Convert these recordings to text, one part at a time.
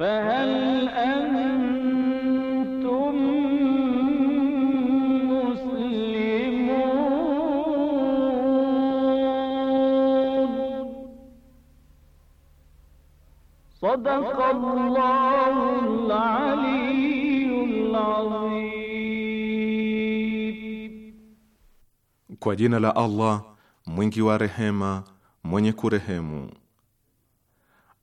فهل أنتم مسلمون صدق الله العلي العظيم كو جينا لا الله مwingi wa rehema mwenye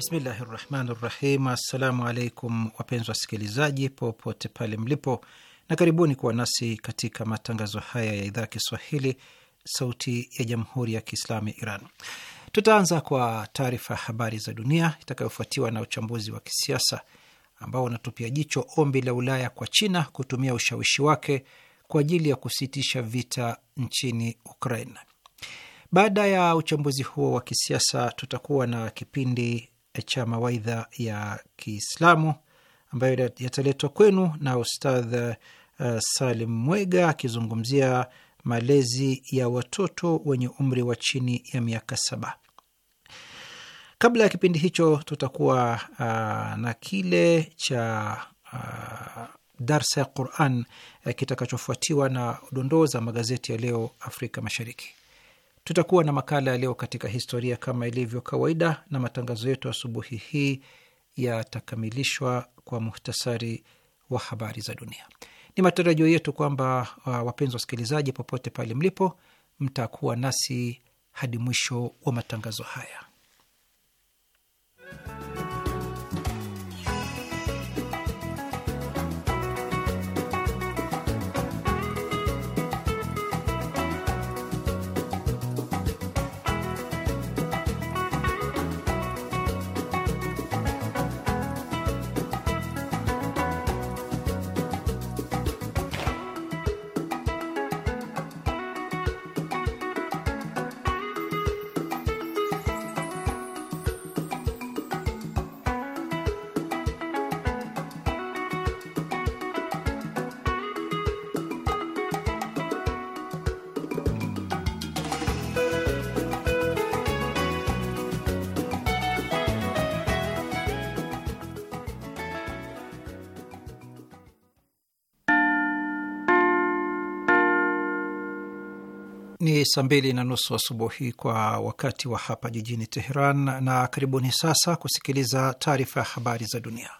Bismillahi rahmani rahim. Assalamu alaikum wapenzi wasikilizaji popote pale mlipo, na karibuni kuwa nasi katika matangazo haya ya idhaa ya Kiswahili sauti ya jamhuri ya Kiislamu ya Iran. Tutaanza kwa taarifa ya habari za dunia itakayofuatiwa na uchambuzi wa kisiasa ambao unatupia jicho ombi la Ulaya kwa China kutumia ushawishi wake kwa ajili ya kusitisha vita nchini Ukraina. Baada ya uchambuzi huo wa kisiasa, tutakuwa na kipindi cha mawaidha ya Kiislamu ambayo yataletwa kwenu na Ustadh uh, Salim Mwega akizungumzia malezi ya watoto wenye umri wa chini ya miaka saba. Kabla ya kipindi hicho, tutakuwa uh, na kile cha uh, darsa ya Quran uh, kitakachofuatiwa na dondoo za magazeti ya leo Afrika Mashariki. Tutakuwa na makala ya leo katika historia kama ilivyo kawaida, na matangazo yetu asubuhi hii yatakamilishwa kwa muhtasari wa habari za dunia. Ni matarajio yetu kwamba uh, wapenzi wasikilizaji, popote pale mlipo, mtakuwa nasi hadi mwisho wa matangazo haya. saa mbili na nusu asubuhi kwa wakati wa hapa jijini Teheran, na karibuni sasa kusikiliza taarifa ya habari za dunia.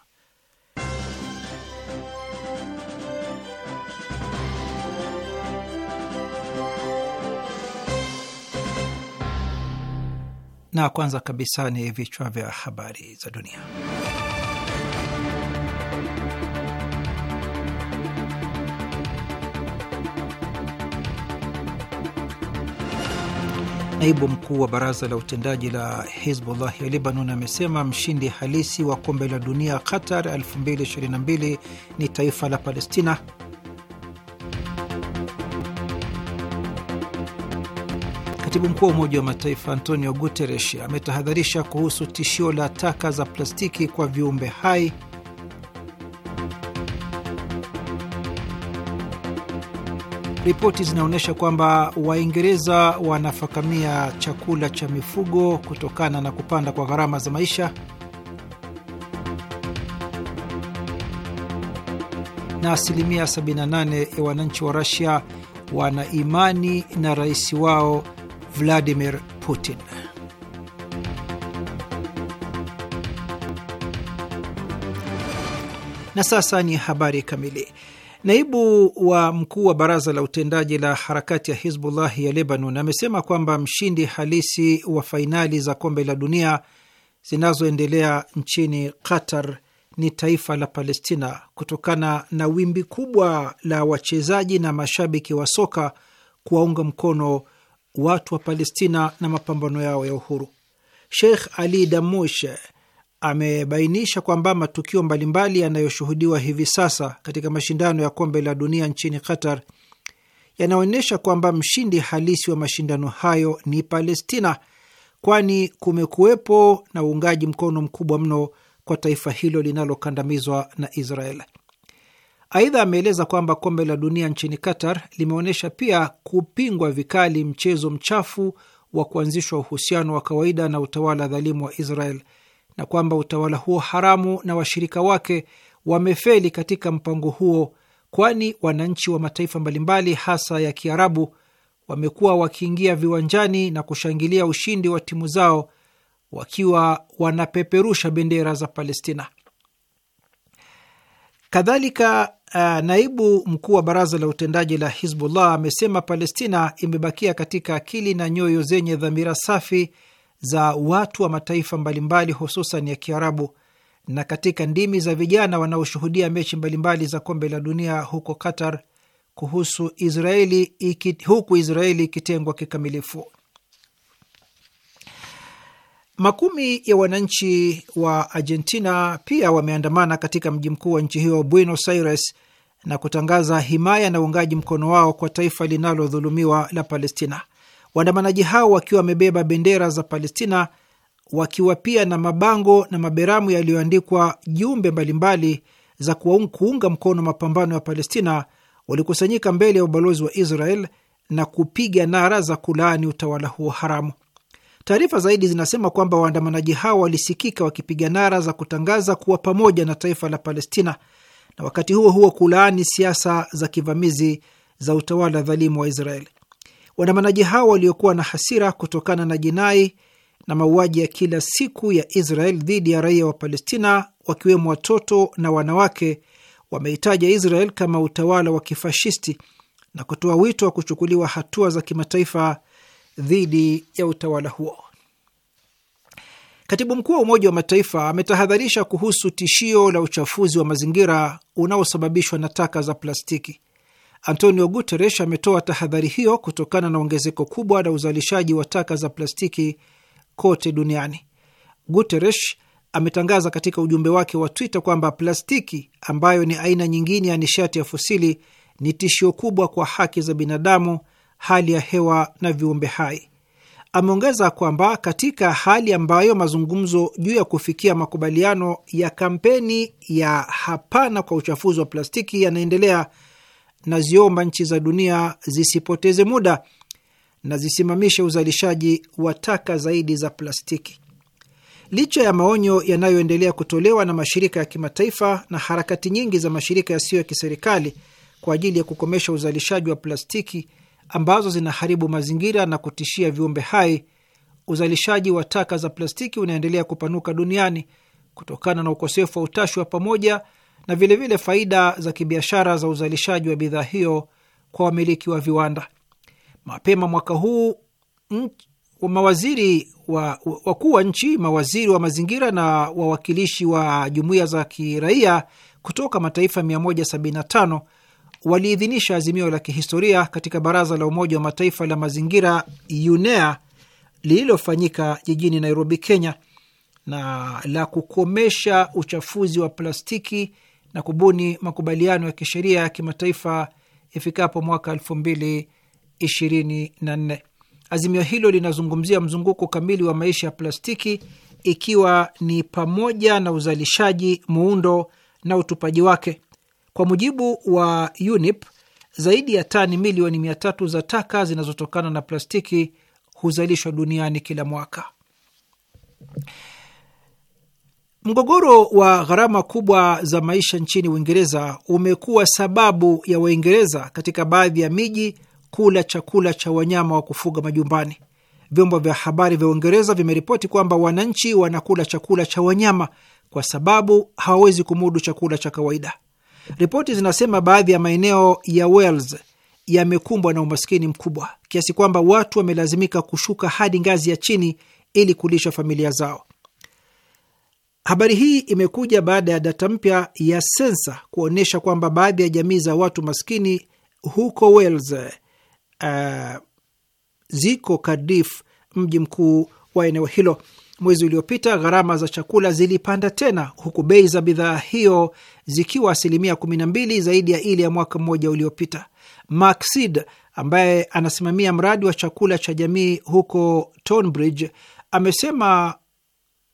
Na kwanza kabisa ni vichwa vya habari za dunia. Naibu mkuu wa baraza la utendaji la Hizbullah ya Libanon amesema mshindi halisi wa kombe la dunia Qatar 2022 ni taifa la Palestina. Katibu mkuu wa Umoja wa Mataifa Antonio Guterres ametahadharisha kuhusu tishio la taka za plastiki kwa viumbe hai. Ripoti zinaonyesha kwamba Waingereza wanafakamia chakula cha mifugo kutokana na kupanda kwa gharama za maisha. Na asilimia 78 ya wananchi wa Russia wana imani na rais wao Vladimir Putin. Na sasa ni habari kamili. Naibu wa mkuu wa baraza la utendaji la harakati ya Hizbullah ya Lebanon amesema kwamba mshindi halisi wa fainali za kombe la dunia zinazoendelea nchini Qatar ni taifa la Palestina kutokana na wimbi kubwa la wachezaji na mashabiki wa soka kuwaunga mkono watu wa Palestina na mapambano yao ya uhuru. Sheikh Ali Damush amebainisha kwamba matukio mbalimbali yanayoshuhudiwa hivi sasa katika mashindano ya kombe la dunia nchini Qatar yanaonyesha kwamba mshindi halisi wa mashindano hayo ni Palestina, kwani kumekuwepo na uungaji mkono mkubwa mno kwa taifa hilo linalokandamizwa na Israel. Aidha, ameeleza kwamba kombe la dunia nchini Qatar limeonyesha pia kupingwa vikali mchezo mchafu wa kuanzishwa uhusiano wa kawaida na utawala dhalimu wa Israel na kwamba utawala huo haramu na washirika wake wamefeli katika mpango huo, kwani wananchi wa mataifa mbalimbali hasa ya Kiarabu wamekuwa wakiingia viwanjani na kushangilia ushindi wa timu zao wakiwa wanapeperusha bendera za Palestina. Kadhalika, eh, naibu mkuu wa baraza la utendaji la Hizbullah amesema Palestina imebakia katika akili na nyoyo zenye dhamira safi za watu wa mataifa mbalimbali hususan ya Kiarabu na katika ndimi za vijana wanaoshuhudia mechi mbalimbali za kombe la dunia huko Qatar kuhusu Israeli iki, huku Israeli ikitengwa kikamilifu. Makumi ya wananchi wa Argentina pia wameandamana katika mji mkuu wa nchi hiyo Buenos Aires na kutangaza himaya na uungaji mkono wao kwa taifa linalodhulumiwa la Palestina. Waandamanaji hao wakiwa wamebeba bendera za Palestina, wakiwa pia na mabango na maberamu yaliyoandikwa jumbe mbalimbali za kuunga mkono mapambano ya Palestina, walikusanyika mbele ya ubalozi wa Israel na kupiga nara za kulaani utawala huo haramu. Taarifa zaidi zinasema kwamba waandamanaji hao walisikika wakipiga nara za kutangaza kuwa pamoja na taifa la Palestina na wakati huo huo kulaani siasa za kivamizi za utawala dhalimu wa Israeli. Waandamanaji hao waliokuwa na hasira kutokana na jinai na mauaji ya kila siku ya Israel dhidi ya raia wa Palestina, wakiwemo watoto na wanawake, wameitaja Israel kama utawala wa kifashisti na kutoa wito wa kuchukuliwa hatua za kimataifa dhidi ya utawala huo. Katibu mkuu wa Umoja wa Mataifa ametahadharisha kuhusu tishio la uchafuzi wa mazingira unaosababishwa na taka za plastiki Antonio Guterres ametoa tahadhari hiyo kutokana na ongezeko kubwa la uzalishaji wa taka za plastiki kote duniani. Guterres ametangaza katika ujumbe wake wa Twitter kwamba plastiki ambayo ni aina nyingine ya nishati ya fosili ni tishio kubwa kwa haki za binadamu, hali ya hewa na viumbe hai. Ameongeza kwamba katika hali ambayo mazungumzo juu ya kufikia makubaliano ya kampeni ya hapana kwa uchafuzi wa plastiki yanaendelea naziomba nchi za dunia zisipoteze muda na zisimamishe uzalishaji wa taka zaidi za plastiki. Licha ya maonyo yanayoendelea kutolewa na mashirika ya kimataifa na harakati nyingi za mashirika yasiyo ya kiserikali kwa ajili ya kukomesha uzalishaji wa plastiki ambazo zinaharibu mazingira na kutishia viumbe hai, uzalishaji wa taka za plastiki unaendelea kupanuka duniani kutokana na ukosefu wa utashi wa pamoja na vilevile vile faida za kibiashara za uzalishaji wa bidhaa hiyo kwa wamiliki wa viwanda. Mapema mwaka huu mawaziri wa wakuu wa nchi, mawaziri wa mazingira na wawakilishi wa jumuiya za kiraia kutoka mataifa 175 waliidhinisha azimio la kihistoria katika Baraza la Umoja wa Mataifa la mazingira UNEA lililofanyika jijini Nairobi, Kenya, na la kukomesha uchafuzi wa plastiki na kubuni makubaliano ya kisheria ya kimataifa ifikapo mwaka 2024. Azimio hilo linazungumzia mzunguko kamili wa maisha ya plastiki ikiwa ni pamoja na uzalishaji, muundo na utupaji wake. Kwa mujibu wa UNEP, zaidi ya tani milioni mia tatu za taka zinazotokana na plastiki huzalishwa duniani kila mwaka. Mgogoro wa gharama kubwa za maisha nchini Uingereza umekuwa sababu ya Waingereza katika baadhi ya miji kula chakula cha wanyama wa kufuga majumbani. Vyombo vya habari vya Uingereza vimeripoti kwamba wananchi wanakula chakula cha wanyama kwa sababu hawawezi kumudu chakula cha kawaida. Ripoti zinasema baadhi ya maeneo ya Wales yamekumbwa na umaskini mkubwa kiasi kwamba watu wamelazimika kushuka hadi ngazi ya chini ili kulisha familia zao. Habari hii imekuja baada ya data mpya ya sensa kuonyesha kwamba baadhi ya jamii za watu maskini huko Wales uh, ziko Cardiff, mji mkuu wa eneo hilo. Mwezi uliopita gharama za chakula zilipanda tena, huku bei za bidhaa hiyo zikiwa asilimia 12 zaidi ya ile ya mwaka mmoja uliopita. Mark Seed ambaye anasimamia mradi wa chakula cha jamii huko Tonbridge amesema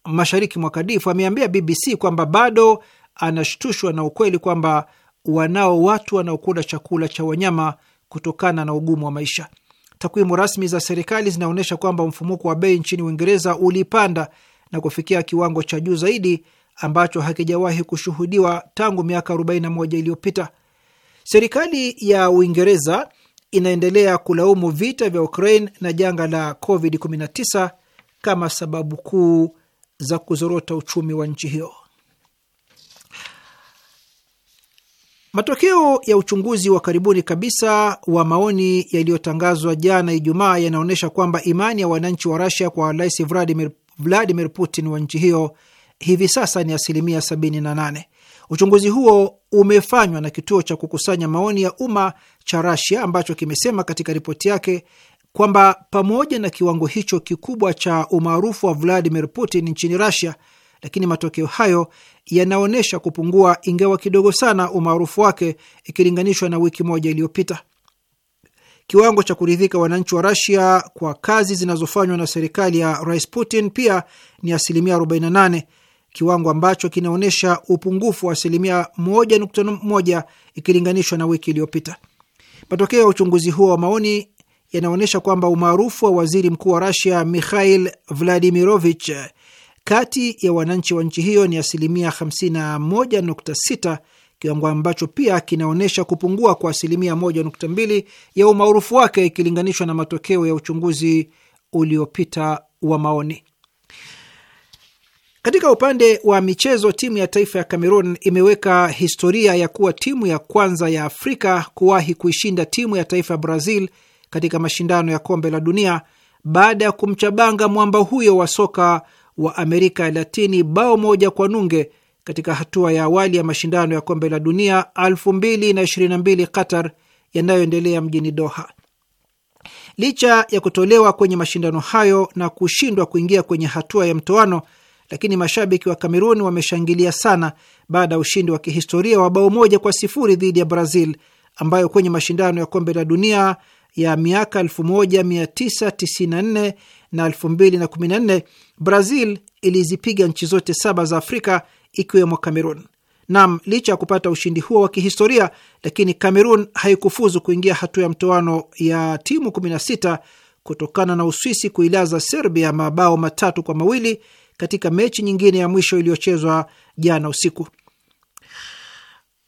mashariki mwa Kadifu ameambia BBC kwamba bado anashtushwa na ukweli kwamba wanao watu wanaokula chakula cha wanyama kutokana na ugumu wa maisha. Takwimu rasmi za serikali zinaonyesha kwamba mfumuko wa bei nchini Uingereza ulipanda na kufikia kiwango cha juu zaidi ambacho hakijawahi kushuhudiwa tangu miaka 41 iliyopita. Serikali ya Uingereza inaendelea kulaumu vita vya Ukraine na janga la COVID-19 kama sababu kuu za kuzorota uchumi wa nchi hiyo. Matokeo ya uchunguzi wa karibuni kabisa wa maoni yaliyotangazwa jana Ijumaa yanaonyesha kwamba imani ya wananchi wa rasia kwa Rais Vladimir, Vladimir Putin wa nchi hiyo hivi sasa ni asilimia 78. Uchunguzi huo umefanywa na kituo cha kukusanya maoni ya umma cha rasia ambacho kimesema katika ripoti yake kwamba pamoja na kiwango hicho kikubwa cha umaarufu wa Vladimir Putin nchini Russia, lakini matokeo hayo yanaonyesha kupungua, ingawa kidogo sana, umaarufu wake ikilinganishwa na wiki moja iliyopita. Kiwango cha kuridhika wananchi wa Russia kwa kazi zinazofanywa na serikali ya Rais Putin pia ni asilimia 48, kiwango ambacho kinaonyesha upungufu wa asilimia 1.1 ikilinganishwa na wiki iliyopita. Matokeo ya uchunguzi huo wa maoni yanaonyesha kwamba umaarufu wa waziri mkuu wa Rasia Mikhail Vladimirovich kati ya wananchi wa nchi hiyo ni asilimia 51.6, kiwango ambacho pia kinaonyesha kupungua kwa asilimia 1.2 ya umaarufu wake ikilinganishwa na matokeo ya uchunguzi uliopita wa maoni. Katika upande wa michezo, timu ya taifa ya Cameroon imeweka historia ya kuwa timu ya kwanza ya Afrika kuwahi kuishinda timu ya taifa ya Brazil katika mashindano ya kombe la dunia baada ya kumchabanga mwamba huyo wa soka wa Amerika ya Latini bao moja kwa nunge katika hatua ya awali ya mashindano ya kombe la dunia 2022 Qatar yanayoendelea mjini Doha. Licha ya kutolewa kwenye mashindano hayo na kushindwa kuingia kwenye hatua ya mtoano, lakini mashabiki wa cameron wameshangilia sana baada ya ushindi wa kihistoria wa bao moja kwa sifuri dhidi ya Brazil ambayo kwenye mashindano ya kombe la dunia ya miaka 1994 na 2014 Brazil ilizipiga nchi zote saba za Afrika ikiwemo Cameroon. Nam, licha ya kupata ushindi huo wa kihistoria, lakini Cameroon haikufuzu kuingia hatua ya mtoano ya timu 16 kutokana na Uswisi kuilaza Serbia mabao matatu kwa mawili katika mechi nyingine ya mwisho iliyochezwa jana usiku.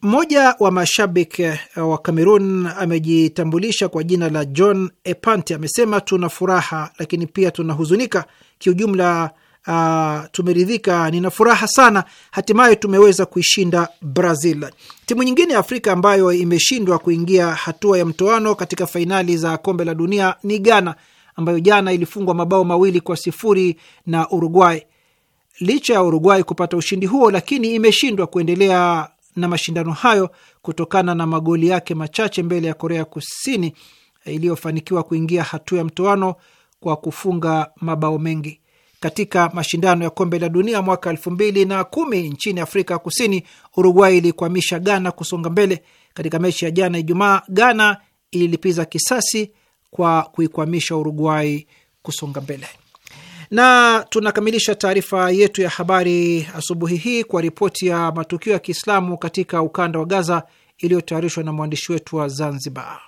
Mmoja wa mashabiki eh, wa Kamerun amejitambulisha kwa jina la John Epante, amesema tuna furaha lakini pia tunahuzunika. Kiujumla uh, tumeridhika, nina furaha sana, hatimaye tumeweza kuishinda Brazil. Timu nyingine ya Afrika ambayo imeshindwa kuingia hatua ya mtoano katika fainali za kombe la dunia ni Ghana ambayo jana ilifungwa mabao mawili kwa sifuri na Uruguay. Licha ya Uruguay kupata ushindi huo, lakini imeshindwa kuendelea na mashindano hayo kutokana na magoli yake machache mbele ya Korea Kusini eh, iliyofanikiwa kuingia hatua ya mtoano kwa kufunga mabao mengi. Katika mashindano ya kombe la dunia mwaka elfu mbili na kumi nchini Afrika ya Kusini, Uruguay ilikwamisha Ghana kusonga mbele. Katika mechi ya jana Ijumaa, Ghana ililipiza kisasi kwa kuikwamisha Uruguay kusonga mbele. Na tunakamilisha taarifa yetu ya habari asubuhi hii kwa ripoti ya matukio ya Kiislamu katika ukanda wa Gaza iliyotayarishwa na mwandishi wetu wa Zanzibar.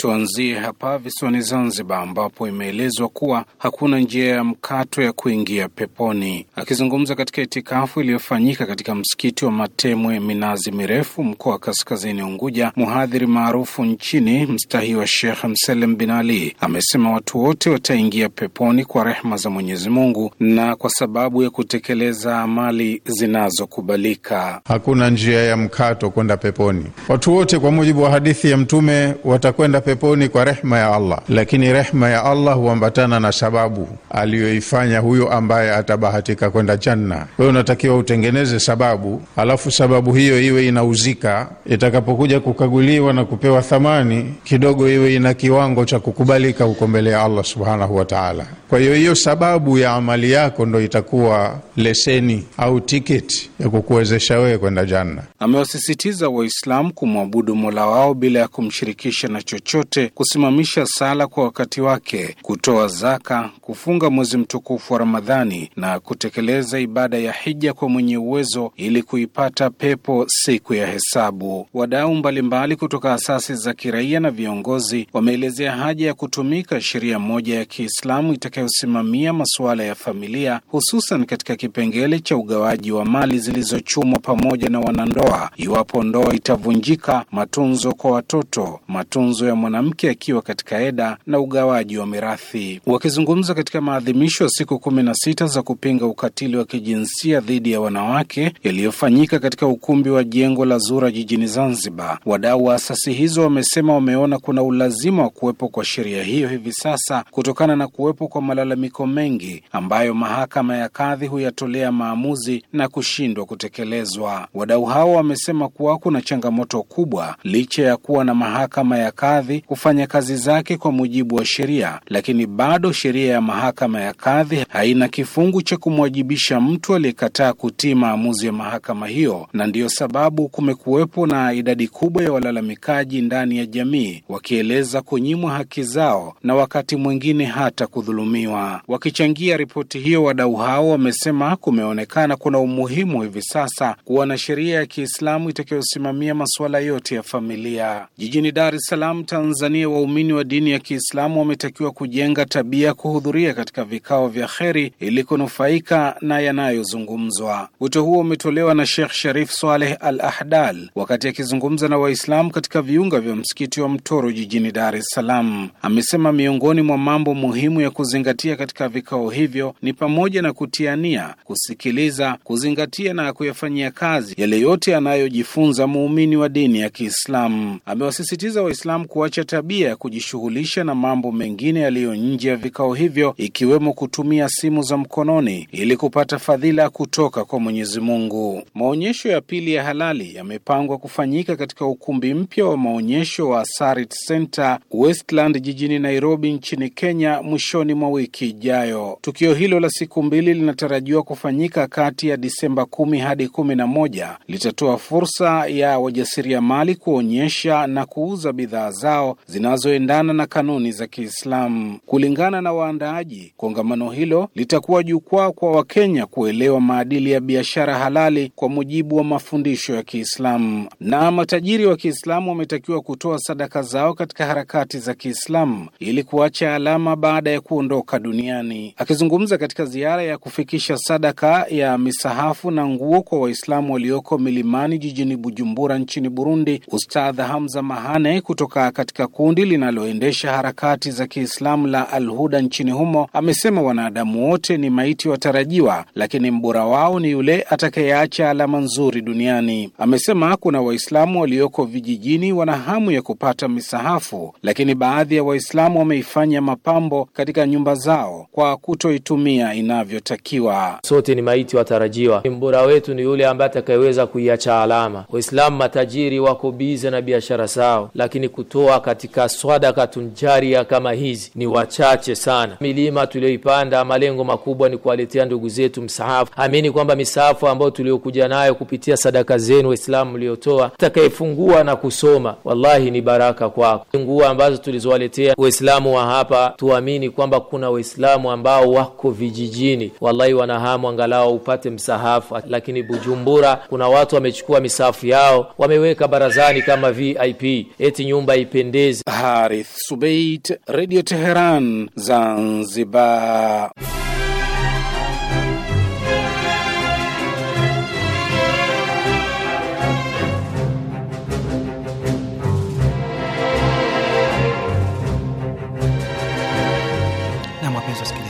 Tuanzie hapa visiwani Zanzibar, ambapo imeelezwa kuwa hakuna njia ya mkato ya kuingia peponi. Akizungumza katika itikafu iliyofanyika katika msikiti wa Matemwe Minazi Mirefu, mkoa wa Kaskazini Unguja, mhadhiri maarufu nchini mstahii wa Shekh Mselem bin Ali amesema watu wote wataingia peponi kwa rehma za Mwenyezi Mungu na kwa sababu ya kutekeleza amali zinazokubalika. Hakuna njia ya mkato kwenda peponi. Watu wote kwa mujibu wa hadithi ya Mtume watakwenda peponi kwa rehma ya Allah, lakini rehma ya Allah huambatana na sababu aliyoifanya huyo ambaye atabahatika kwenda janna. Wewe unatakiwa utengeneze sababu, alafu sababu hiyo iwe inauzika, itakapokuja kukaguliwa na kupewa thamani kidogo, iwe ina kiwango cha kukubalika huko mbele ya Allah subhanahu wa ta'ala. Kwa hiyo hiyo sababu ya amali yako ndo itakuwa leseni au tiketi ya kukuwezesha wewe kwenda janna. Amewasisitiza Waislamu kumwabudu mola wao bila ya kumshirikisha na chochote, kusimamisha sala kwa wakati wake, kutoa zaka, kufunga mwezi mtukufu wa Ramadhani na kutekeleza ibada ya hija kwa mwenye uwezo, ili kuipata pepo siku ya hesabu. Wadau mbalimbali kutoka asasi za kiraia na viongozi wameelezea haja ya kutumika sheria moja ya Kiislamu itakayosimamia masuala ya familia hususan katika kipengele cha ugawaji wa mali zilizochumwa pamoja na wanandoa, iwapo ndoa itavunjika, matunzo kwa watoto, matunzo ya mwanamke akiwa katika eda na ugawaji wa mirathi. Wakizungumza katika maadhimisho ya siku kumi na sita za kupinga ukatili wa kijinsia dhidi ya wanawake yaliyofanyika katika ukumbi wa jengo la Zura jijini Zanzibar, wadau wa asasi hizo wamesema wameona kuna ulazima wa kuwepo kwa sheria hiyo hivi sasa kutokana na kuwepo kwa malalamiko mengi ambayo mahakama ya kadhi huyatolea maamuzi na kushindwa kutekelezwa. Wadau hao wamesema kuwa kuna changamoto kubwa licha ya kuwa na mahakama ya kadhi kufanya kazi zake kwa mujibu wa sheria, lakini bado sheria ya mahakama ya kadhi haina kifungu cha kumwajibisha mtu aliyekataa kutii maamuzi ya mahakama hiyo, na ndiyo sababu kumekuwepo na idadi kubwa ya walalamikaji ndani ya jamii wakieleza kunyimwa haki zao na wakati mwingine hata kudhulumiwa kutumiwa. Wakichangia ripoti hiyo, wadau hao wamesema kumeonekana kuna umuhimu hivi sasa kuwa na sheria ya Kiislamu itakayosimamia masuala yote ya familia. Jijini Dar es Salaam, Tanzania, waumini wa dini ya Kiislamu wametakiwa kujenga tabia ya kuhudhuria katika vikao vya kheri ili kunufaika na yanayozungumzwa. Wito huo umetolewa na Sheikh Sharif Saleh Al Ahdal wakati akizungumza na Waislamu katika viunga vya msikiti wa Mtoro jijini Dar es Salaam. Amesema miongoni mwa mambo muhimu ya kuzingatia kuzingatia katika vikao hivyo ni pamoja na kutiania, kusikiliza, kuzingatia na kuyafanyia kazi yale yote anayojifunza muumini wa dini ya Kiislamu. Amewasisitiza Waislamu kuacha tabia ya kujishughulisha na mambo mengine yaliyo nje ya vikao hivyo, ikiwemo kutumia simu za mkononi ili kupata fadhila kutoka kwa Mwenyezi Mungu. Maonyesho ya pili ya halali yamepangwa kufanyika katika ukumbi mpya wa maonyesho wa Sarit Center Westland jijini Nairobi nchini Kenya mwishoni mwa wiki ijayo. Tukio hilo la siku mbili linatarajiwa kufanyika kati ya Disemba kumi hadi kumi na moja. Litatoa fursa ya wajasiriamali kuonyesha na kuuza bidhaa zao zinazoendana na kanuni za Kiislamu. Kulingana na waandaaji, kongamano hilo litakuwa jukwaa kwa Wakenya kuelewa maadili ya biashara halali kwa mujibu wa mafundisho ya Kiislamu. Na matajiri wa Kiislamu wametakiwa kutoa sadaka zao katika harakati za Kiislamu ili kuacha alama baada ya kuondoka soka duniani. Akizungumza katika ziara ya kufikisha sadaka ya misahafu na nguo kwa Waislamu walioko milimani jijini Bujumbura nchini Burundi, Ustadha Hamza Mahane kutoka katika kundi linaloendesha harakati za Kiislamu la al huda nchini humo amesema wanadamu wote ni maiti watarajiwa, lakini mbora wao ni yule atakayeacha alama nzuri duniani. Amesema kuna Waislamu walioko vijijini wana hamu ya kupata misahafu, lakini baadhi ya Waislamu wameifanya mapambo katika nyumba zao kwa kutoitumia inavyotakiwa. Sote ni maiti watarajiwa. Mbora wetu ni yule ambaye atakayeweza kuiacha alama. Waislamu matajiri wako bize na biashara zao, lakini kutoa katika swadaka tunjaria kama hizi ni wachache sana. Milima tuliyoipanda, malengo makubwa ni kuwaletea ndugu zetu msahafu. Amini kwamba misahafu ambayo tuliokuja nayo kupitia sadaka zenu Waislamu mliotoa, atakayefungua na kusoma, wallahi ni baraka kwako. Nguo ambazo tulizowaletea Waislamu wa hapa, tuamini kwamba kuna kuna waislamu ambao wako vijijini wallahi wanahamu angalau upate msahafu lakini bujumbura kuna watu wamechukua misahafu yao wameweka barazani kama vip eti nyumba ipendezi harith subeit radio teheran zanzibar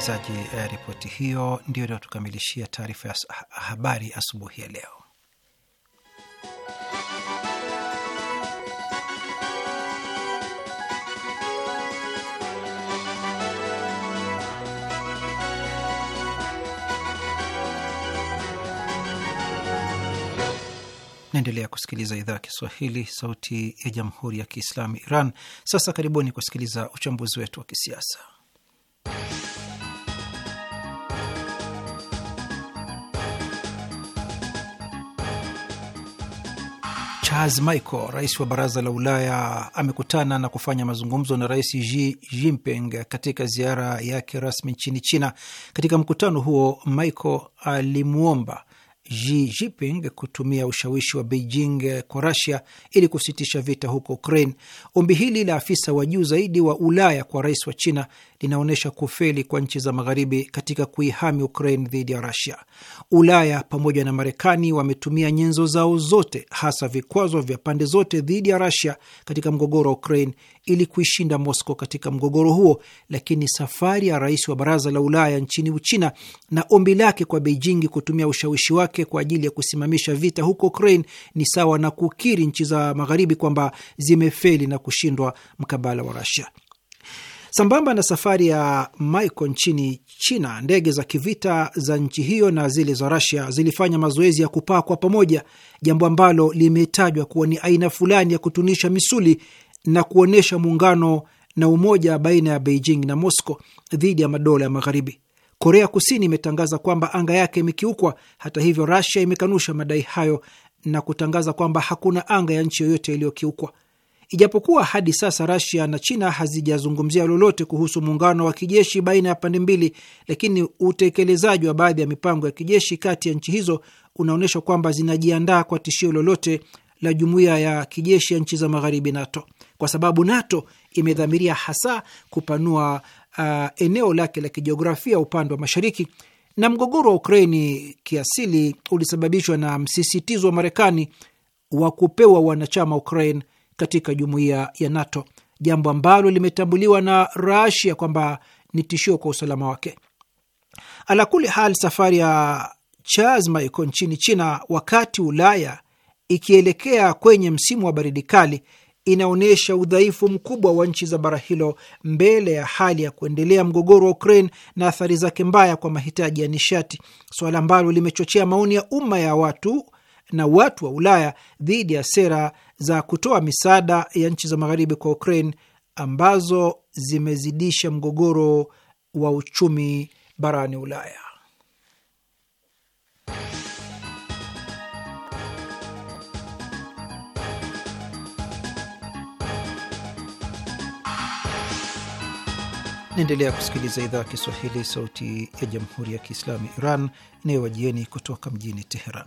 msikilizaji, eh, ripoti hiyo ndio inayotukamilishia taarifa ya habari asubuhi ya leo. Naendelea kusikiliza idhaa ya Kiswahili, sauti ya jamhuri ya kiislamu Iran. Sasa karibuni kusikiliza uchambuzi wetu wa kisiasa Charles Michael, rais wa baraza la Ulaya, amekutana na kufanya mazungumzo na rais Xi Jinping katika ziara yake rasmi nchini China. Katika mkutano huo, Michael alimwomba Xi Jinping kutumia ushawishi wa Beijing kwa rasia ili kusitisha vita huko Ukraine. Ombi hili la afisa wa juu zaidi wa Ulaya kwa rais wa China linaonyesha kufeli kwa nchi za magharibi katika kuihami Ukraine dhidi ya Rusia. Ulaya pamoja na Marekani wametumia nyenzo zao zote, hasa vikwazo vya pande zote dhidi ya Rusia katika mgogoro wa Ukraine ili kuishinda Moscow katika mgogoro huo, lakini safari ya rais wa baraza la Ulaya nchini Uchina na ombi lake kwa Beijing kutumia ushawishi wake kwa ajili ya kusimamisha vita huko Ukraine ni sawa na kukiri nchi za magharibi kwamba zimefeli na kushindwa mkabala wa Rusia. Sambamba na safari ya Michael nchini China, ndege za kivita za nchi hiyo na zile za rasia zilifanya mazoezi ya kupaa kwa pamoja, jambo ambalo limetajwa kuwa ni aina fulani ya kutunisha misuli na kuonyesha muungano na umoja baina ya Beijing na Moscow dhidi ya madola ya Magharibi. Korea Kusini imetangaza kwamba anga yake imekiukwa. Hata hivyo, rasia imekanusha madai hayo na kutangaza kwamba hakuna anga ya nchi yoyote iliyokiukwa. Ijapokuwa hadi sasa Rasia na China hazijazungumzia lolote kuhusu muungano wa kijeshi baina ya pande mbili, lakini utekelezaji wa baadhi ya mipango ya kijeshi kati ya nchi hizo unaonyesha kwamba zinajiandaa kwa tishio lolote la jumuiya ya kijeshi ya nchi za magharibi NATO, kwa sababu NATO imedhamiria hasa kupanua uh, eneo lake la kijiografia upande wa mashariki. Na mgogoro wa Ukraini kiasili ulisababishwa na msisitizo wa Marekani wa kupewa wanachama Ukraine katika jumuiya ya NATO, jambo ambalo limetambuliwa na Rasia kwamba ni tishio kwa usalama wake. Alakuli hal, safari ya Charles iko nchini China wakati Ulaya ikielekea kwenye msimu wa baridi kali inaonyesha udhaifu mkubwa wa nchi za bara hilo mbele ya hali ya kuendelea mgogoro wa Ukraine na athari zake mbaya kwa mahitaji ya nishati, suala ambalo limechochea maoni ya umma ya watu na watu wa Ulaya dhidi ya sera za kutoa misaada ya nchi za magharibi kwa Ukraine ambazo zimezidisha mgogoro wa uchumi barani Ulaya. Naendelea kusikiliza idhaa ya Kiswahili, sauti ya jamhuri ya kiislamu Iran inayowajieni kutoka mjini Teheran.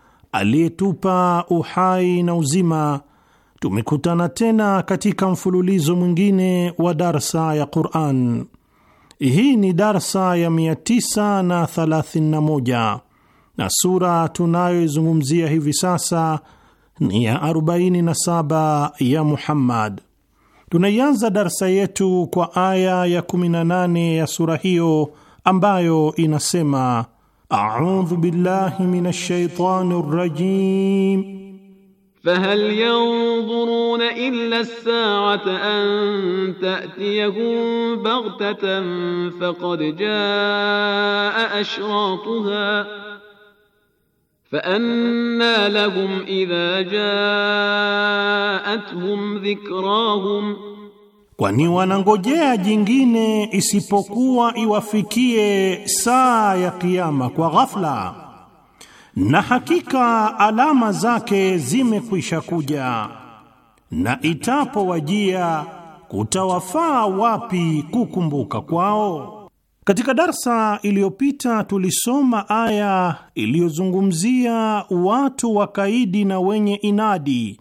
aliyetupa uhai na uzima, tumekutana tena katika mfululizo mwingine wa darsa ya Quran. Hii ni darsa ya 931 na sura tunayoizungumzia hivi sasa ni ya 47 ya Muhammad. Tunaianza darsa yetu kwa aya ya 18 ya sura hiyo ambayo inasema أعوذ بالله من الشيطان الرجيم فهل ينظرون إلا الساعة أن تأتيهم بغتة فقد جاء أشراطها فأنى لهم إذا جاءتهم ذكراهم ۖ kwani wanangojea jingine isipokuwa iwafikie saa ya Kiyama kwa ghafla, na hakika alama zake zimekwisha kuja, na itapowajia kutawafaa wapi kukumbuka kwao? Katika darsa iliyopita tulisoma aya iliyozungumzia watu wakaidi na wenye inadi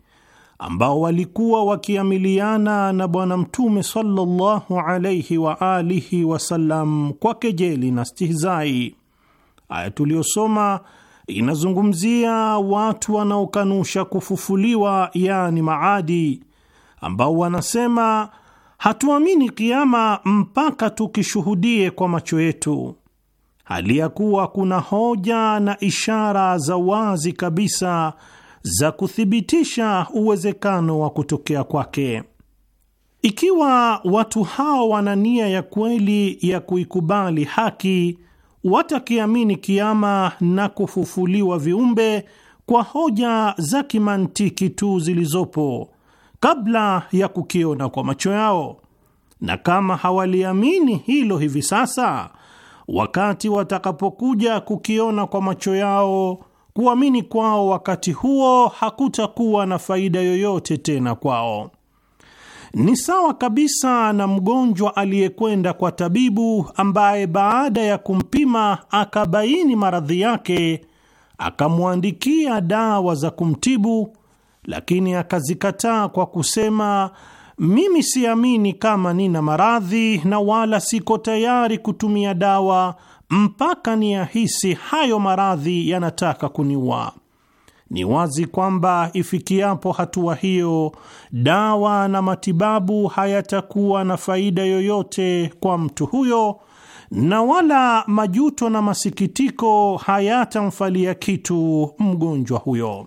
ambao walikuwa wakiamiliana na Bwana Mtume sallallahu alaihi wa alihi wasallam kwa kejeli na stihizai. Aya tuliyosoma inazungumzia watu wanaokanusha kufufuliwa, yani maadi, ambao wanasema hatuamini kiama mpaka tukishuhudie kwa macho yetu, hali ya kuwa kuna hoja na ishara za wazi kabisa za kuthibitisha uwezekano wa kutokea kwake. Ikiwa watu hao wana nia ya kweli ya kuikubali haki, watakiamini kiama na kufufuliwa viumbe kwa hoja za kimantiki tu zilizopo kabla ya kukiona kwa macho yao, na kama hawaliamini hilo hivi sasa, wakati watakapokuja kukiona kwa macho yao kuamini kwao wakati huo hakutakuwa na faida yoyote tena kwao. Ni sawa kabisa na mgonjwa aliyekwenda kwa tabibu ambaye baada ya kumpima akabaini maradhi yake, akamwandikia dawa za kumtibu, lakini akazikataa kwa kusema, mimi siamini kama nina maradhi na wala siko tayari kutumia dawa mpaka niyahisi hayo maradhi yanataka kuniua. Ni wazi kwamba ifikiapo hatua hiyo, dawa na matibabu hayatakuwa na faida yoyote kwa mtu huyo, na wala majuto na masikitiko hayatamfalia kitu mgonjwa huyo.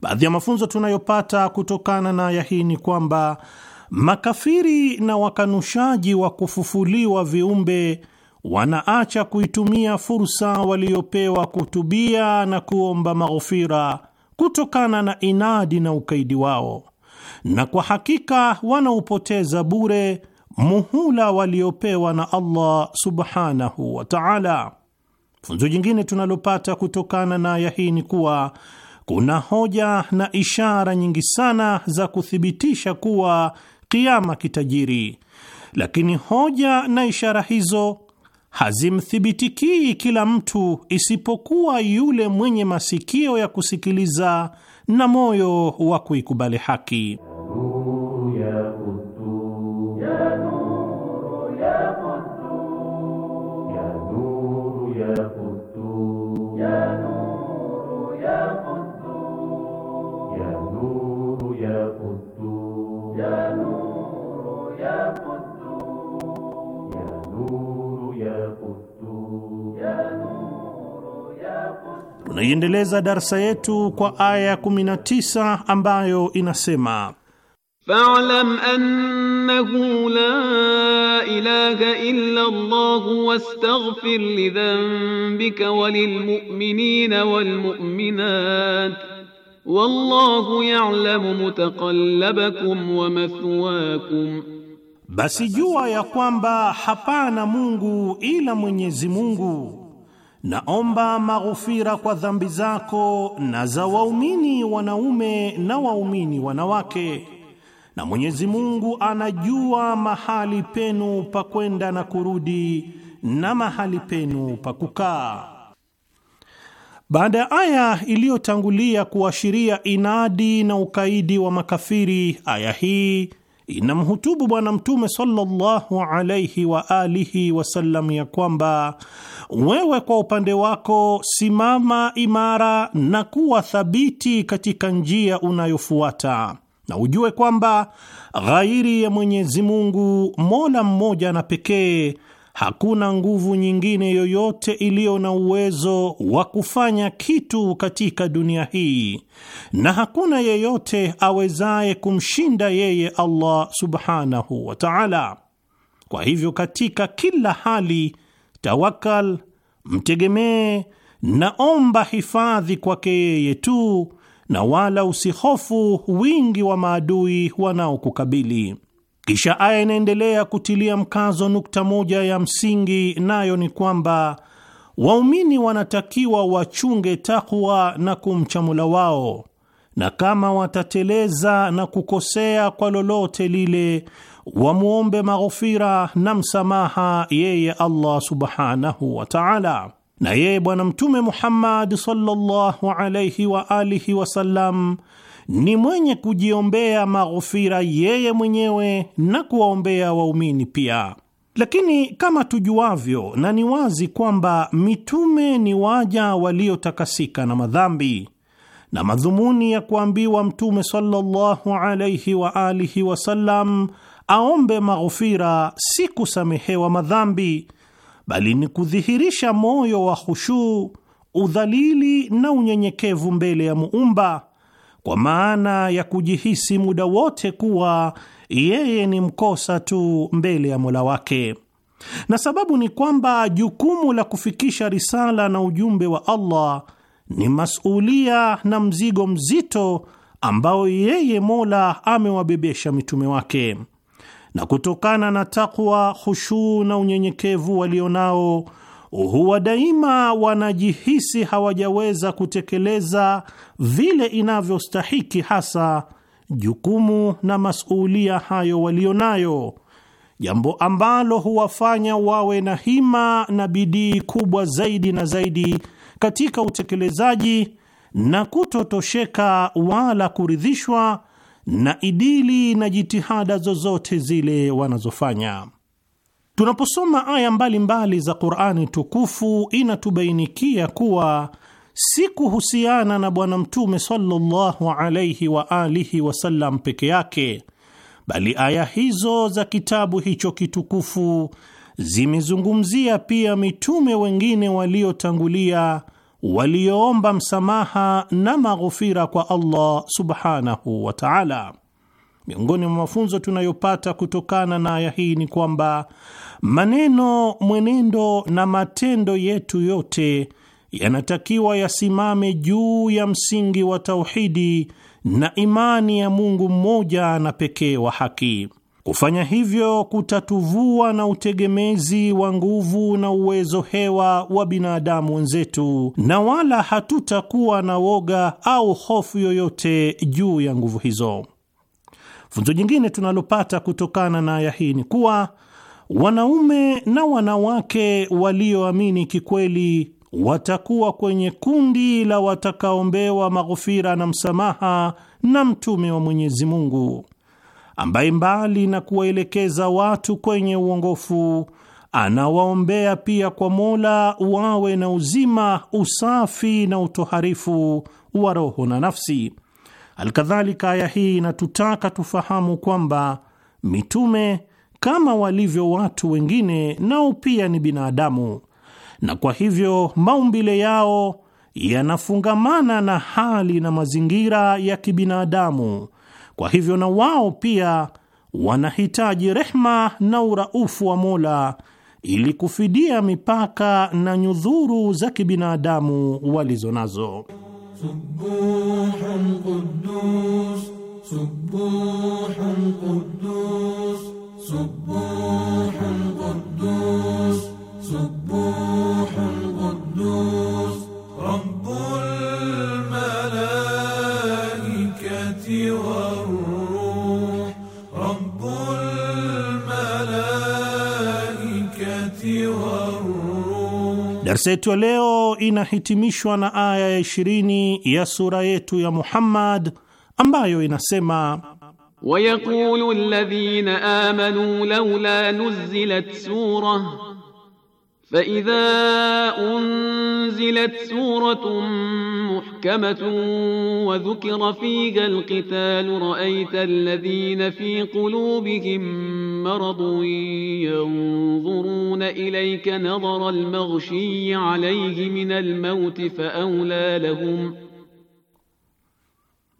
Baadhi ya mafunzo tunayopata kutokana na aya hii ni kwamba makafiri na wakanushaji wa kufufuliwa viumbe wanaacha kuitumia fursa waliopewa kutubia na kuomba maghfira kutokana na inadi na ukaidi wao, na kwa hakika wanaupoteza bure muhula waliopewa na Allah subhanahu wa ta'ala. Funzo jingine tunalopata kutokana na aya hii ni kuwa kuna hoja na ishara nyingi sana za kuthibitisha kuwa kiama kitajiri, lakini hoja na ishara hizo hazimthibitikii kila mtu isipokuwa yule mwenye masikio ya kusikiliza na moyo wa kuikubali haki. Tunaiendeleza darsa yetu kwa aya 19 ambayo inasema Fa'lam annahu la ilaha illa Allah wastaghfir li dhanbika walil mu'minina wal mu'minat wallahu ya'lamu mutaqallabakum wa mathwakum, Basi jua ya kwamba hapana Mungu ila Mwenyezi Mungu Naomba maghufira kwa dhambi zako na za waumini wanaume na waumini wanawake, na Mwenyezi Mungu anajua mahali penu pa kwenda na kurudi na mahali penu pa kukaa. Baada ya aya iliyotangulia kuashiria inadi na ukaidi wa makafiri, aya hii inamhutubu Bwana Mtume sallallahu alaihi wa alihi wasallam ya kwamba wewe kwa upande wako simama imara na kuwa thabiti katika njia unayofuata na ujue kwamba ghairi ya Mwenyezi Mungu mola mmoja na pekee Hakuna nguvu nyingine yoyote iliyo na uwezo wa kufanya kitu katika dunia hii, na hakuna yeyote awezaye kumshinda yeye Allah subhanahu wa ta'ala. Kwa hivyo, katika kila hali tawakal, mtegemee na omba hifadhi kwake yeye tu, na wala usihofu wingi wa maadui wanaokukabili. Kisha aya inaendelea kutilia mkazo nukta moja ya msingi, nayo ni kwamba waumini wanatakiwa wachunge takwa na kumcha mula wao, na kama watateleza na kukosea kwa lolote lile, wamwombe maghofira na msamaha yeye Allah subhanahu wa ta'ala. Na yeye Bwana Mtume Muhammad sallallahu alayhi wa alihi wasallam ni mwenye kujiombea maghufira yeye mwenyewe na kuwaombea waumini pia. Lakini kama tujuavyo, na ni wazi kwamba mitume ni waja waliotakasika na madhambi, na madhumuni ya kuambiwa Mtume sallallahu alaihi wa alihi wasallam aombe maghufira si kusamehewa madhambi, bali ni kudhihirisha moyo wa hushuu, udhalili na unyenyekevu mbele ya Muumba kwa maana ya kujihisi muda wote kuwa yeye ni mkosa tu mbele ya Mola wake. Na sababu ni kwamba jukumu la kufikisha risala na ujumbe wa Allah ni masulia na mzigo mzito ambao yeye Mola amewabebesha mitume wake, na kutokana na takwa, khushuu na unyenyekevu walionao nao huwa daima wanajihisi hawajaweza kutekeleza vile inavyostahiki hasa jukumu na masuulia hayo walio nayo, jambo ambalo huwafanya wawe na hima na bidii kubwa zaidi na zaidi katika utekelezaji na kutotosheka wala kuridhishwa na idili na jitihada zozote zile wanazofanya. Tunaposoma aya mbalimbali mbali za Qur'ani tukufu inatubainikia kuwa si kuhusiana na Bwana Mtume sallallahu alayhi wa alihi wasallam peke yake, bali aya hizo za kitabu hicho kitukufu zimezungumzia pia mitume wengine waliotangulia walioomba msamaha na maghufira kwa Allah subhanahu wa ta'ala. Miongoni mwa mafunzo tunayopata kutokana na aya hii ni kwamba Maneno, mwenendo na matendo yetu yote yanatakiwa yasimame juu ya msingi wa tauhidi na imani ya Mungu mmoja na pekee wa haki. Kufanya hivyo kutatuvua na utegemezi wa nguvu na uwezo hewa wa binadamu wenzetu, na wala hatutakuwa na woga au hofu yoyote juu ya nguvu hizo. Funzo jingine tunalopata kutokana na aya hii ni kuwa Wanaume na wanawake walioamini kikweli watakuwa kwenye kundi la watakaombewa maghufira na msamaha na Mtume wa Mwenyezi Mungu, ambaye mbali na kuwaelekeza watu kwenye uongofu, anawaombea pia kwa Mola wawe na uzima, usafi na utoharifu wa roho na nafsi. Alkadhalika, aya hii inatutaka tufahamu kwamba mitume kama walivyo watu wengine, nao pia ni binadamu, na kwa hivyo maumbile yao yanafungamana na hali na mazingira ya kibinadamu. Kwa hivyo na wao pia wanahitaji rehma na uraufu wa Mola ili kufidia mipaka na nyudhuru za kibinadamu walizo nazo. Subuhun Kudus, Subuhun Kudus. سبوح قدوس سبوح leo inahitimishwa na aya ya 20 ya sura yetu ya Muhammad ambayo inasema ويقول الذين امنوا لولا نزلت سوره فاذا انزلت سوره محكمه وذكر فيها القتال رايت الذين في قلوبهم مرض ينظرون اليك نظر المغشي عليه من الموت فاولى لهم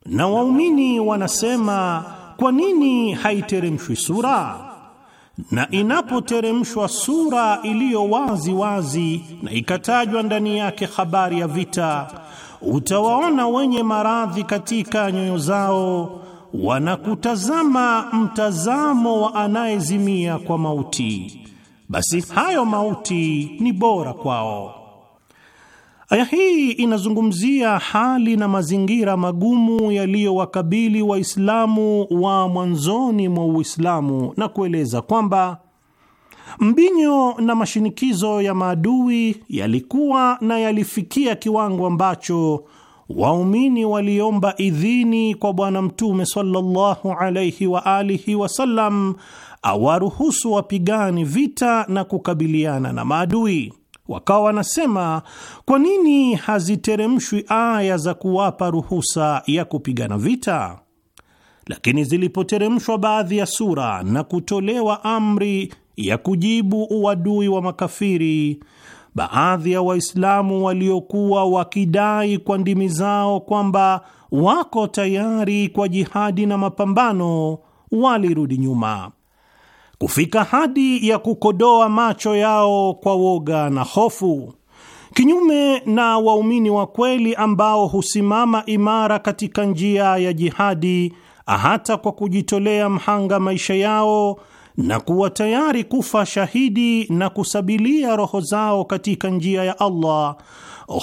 نوومني ونسيما kwa nini haiteremshwi sura? Na inapoteremshwa sura iliyo wazi wazi na ikatajwa ndani yake habari ya vita, utawaona wenye maradhi katika nyoyo zao wanakutazama mtazamo wa anayezimia kwa mauti. Basi hayo mauti ni bora kwao. Aya hii inazungumzia hali na mazingira magumu yaliyowakabili Waislamu wa mwanzoni mwa Uislamu na kueleza kwamba mbinyo na mashinikizo ya maadui yalikuwa na yalifikia kiwango ambacho waumini waliomba idhini kwa Bwana Mtume sallallahu alaihi wa alihi wasallam awaruhusu wapigani vita na kukabiliana na maadui. Wakawa wanasema kwa nini haziteremshwi aya za kuwapa ruhusa ya kupigana vita? Lakini zilipoteremshwa baadhi ya sura na kutolewa amri ya kujibu uadui wa makafiri, baadhi ya Waislamu waliokuwa wakidai kwa ndimi zao kwamba wako tayari kwa jihadi na mapambano walirudi nyuma kufika hadi ya kukodoa macho yao kwa woga na hofu, kinyume na waumini wa kweli ambao husimama imara katika njia ya jihadi hata kwa kujitolea mhanga maisha yao na kuwa tayari kufa shahidi na kusabilia roho zao katika njia ya Allah.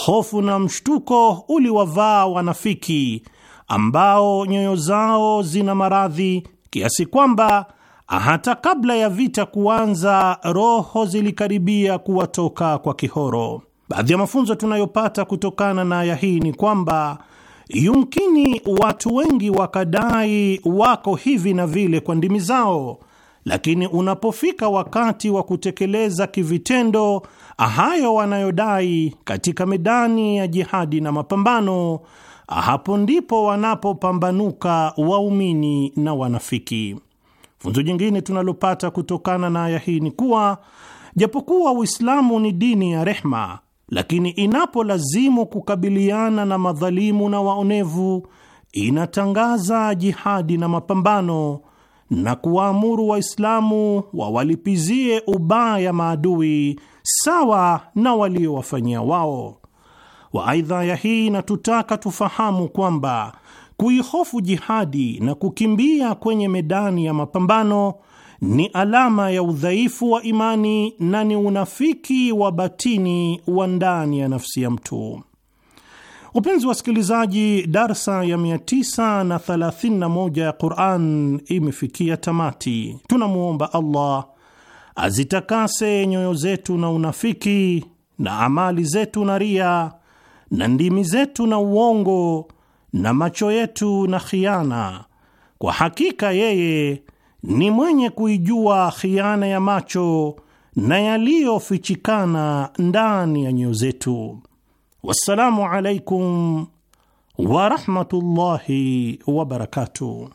Hofu na mshtuko uliwavaa wanafiki ambao nyoyo zao zina maradhi kiasi kwamba Ah, hata kabla ya vita kuanza, roho zilikaribia kuwatoka kwa kihoro. Baadhi ya mafunzo tunayopata kutokana na aya hii ni kwamba yumkini watu wengi wakadai wako hivi na vile kwa ndimi zao, lakini unapofika wakati wa kutekeleza kivitendo ah, hayo wanayodai katika medani ya jihadi na mapambano, ah, hapo ndipo wanapopambanuka waumini na wanafiki. Funzo jingine tunalopata kutokana na aya hii ni kuwa japokuwa Uislamu ni dini ya rehma, lakini inapolazimu kukabiliana na madhalimu na waonevu inatangaza jihadi na mapambano na kuwaamuru Waislamu wawalipizie ubaya maadui sawa na waliowafanyia wao. Waaidha, ya hii inatutaka tufahamu kwamba Kuihofu jihadi na kukimbia kwenye medani ya mapambano ni alama ya udhaifu wa imani na ni unafiki wa batini wa ndani ya nafsi ya mtu. Upenzi wa wasikilizaji, darsa ya 931 ya Quran imefikia tamati. Tunamwomba Allah azitakase nyoyo zetu na unafiki na amali zetu na ria na ndimi zetu na uongo na macho yetu na khiana. Kwa hakika yeye ni mwenye kuijua khiana ya macho na yaliyofichikana ndani ya nyoyo zetu. Wassalamu alaikum warahmatullahi wabarakatuh.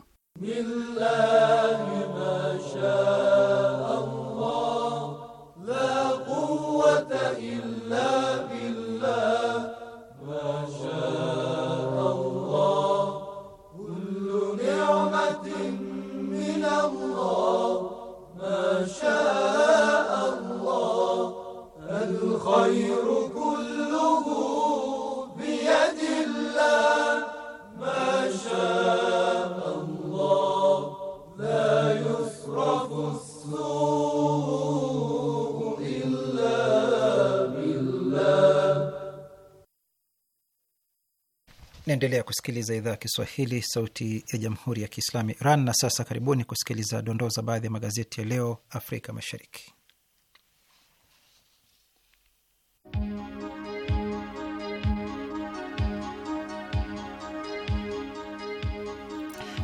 شاء الله الخير كله بيد الله ما شاء الله Naendelea kusikiliza idhaa ya Kiswahili, sauti ya jamhuri ya kiislamu Iran. Na sasa karibuni kusikiliza dondoo za baadhi ya magazeti ya leo Afrika Mashariki.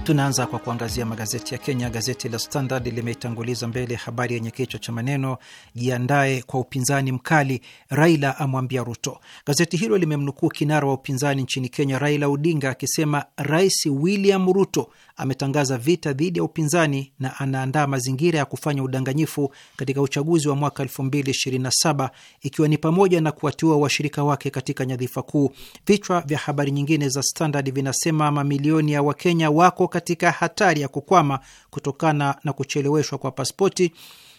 Tunaanza kwa kuangazia magazeti ya Kenya. Gazeti la Standard limeitanguliza mbele habari yenye kichwa cha maneno jiandae kwa upinzani mkali, Raila amwambia Ruto. Gazeti hilo limemnukuu kinara wa upinzani nchini Kenya, Raila Odinga, akisema Rais William Ruto ametangaza vita dhidi ya upinzani na anaandaa mazingira ya kufanya udanganyifu katika uchaguzi wa mwaka 2027 ikiwa ni pamoja na kuwateua washirika wake katika nyadhifa kuu. Vichwa vya habari nyingine za Standard vinasema mamilioni ya Wakenya wako katika hatari ya kukwama kutokana na kucheleweshwa kwa pasipoti.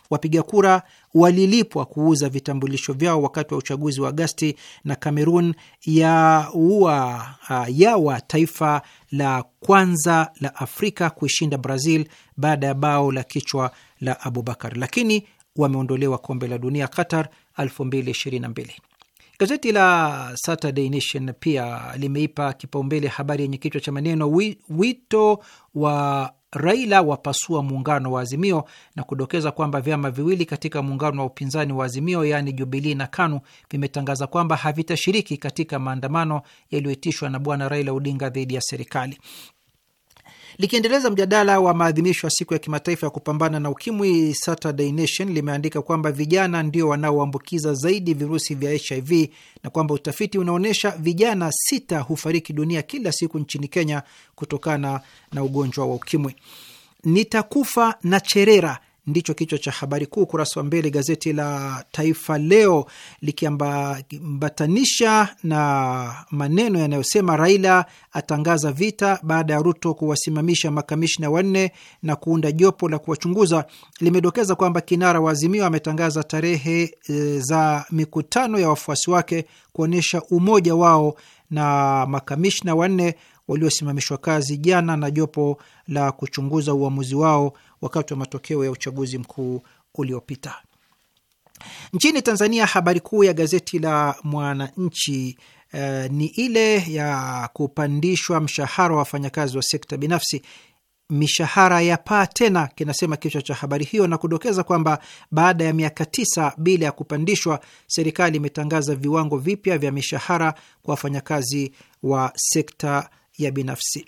Wapiga kura walilipwa kuuza vitambulisho vyao wakati wa uchaguzi wa Agasti, na Kamerun yawa uh, taifa la kwanza la Afrika kuishinda Brazil baada ya bao la kichwa la Abubakar, lakini wameondolewa kombe la dunia Qatar 2022. Gazeti la Saturday Nation pia limeipa kipaumbele habari yenye kichwa cha maneno wito wa Raila wapasua muungano wa Azimio na kudokeza kwamba vyama viwili katika muungano wa upinzani wa Azimio yaani Jubilii na KANU vimetangaza kwamba havitashiriki katika maandamano yaliyoitishwa na Bwana Raila Odinga dhidi ya serikali likiendeleza mjadala wa maadhimisho ya siku ya kimataifa ya kupambana na ukimwi, Saturday Nation limeandika kwamba vijana ndio wanaoambukiza zaidi virusi vya HIV na kwamba utafiti unaonyesha vijana sita hufariki dunia kila siku nchini Kenya kutokana na ugonjwa wa ukimwi. Nitakufa na Cherera ndicho kichwa cha habari kuu ukurasa wa mbele gazeti la Taifa Leo, likiambatanisha na maneno yanayosema Raila atangaza vita baada ya Ruto kuwasimamisha makamishna wanne na kuunda jopo la kuwachunguza. Limedokeza kwamba kinara wa Azimio ametangaza tarehe eh, za mikutano ya wafuasi wake kuonyesha umoja wao na makamishna wanne waliosimamishwa kazi jana na jopo la kuchunguza uamuzi wao wakati wa matokeo ya uchaguzi mkuu uliopita. Nchini Tanzania, habari kuu ya gazeti la Mwananchi uh, ni ile ya kupandishwa mshahara wa wafanyakazi wa sekta binafsi. Mishahara ya paa tena, kinasema kichwa cha habari hiyo, na kudokeza kwamba baada ya miaka tisa bila ya kupandishwa, serikali imetangaza viwango vipya vya mishahara kwa wafanyakazi wa sekta ya binafsi.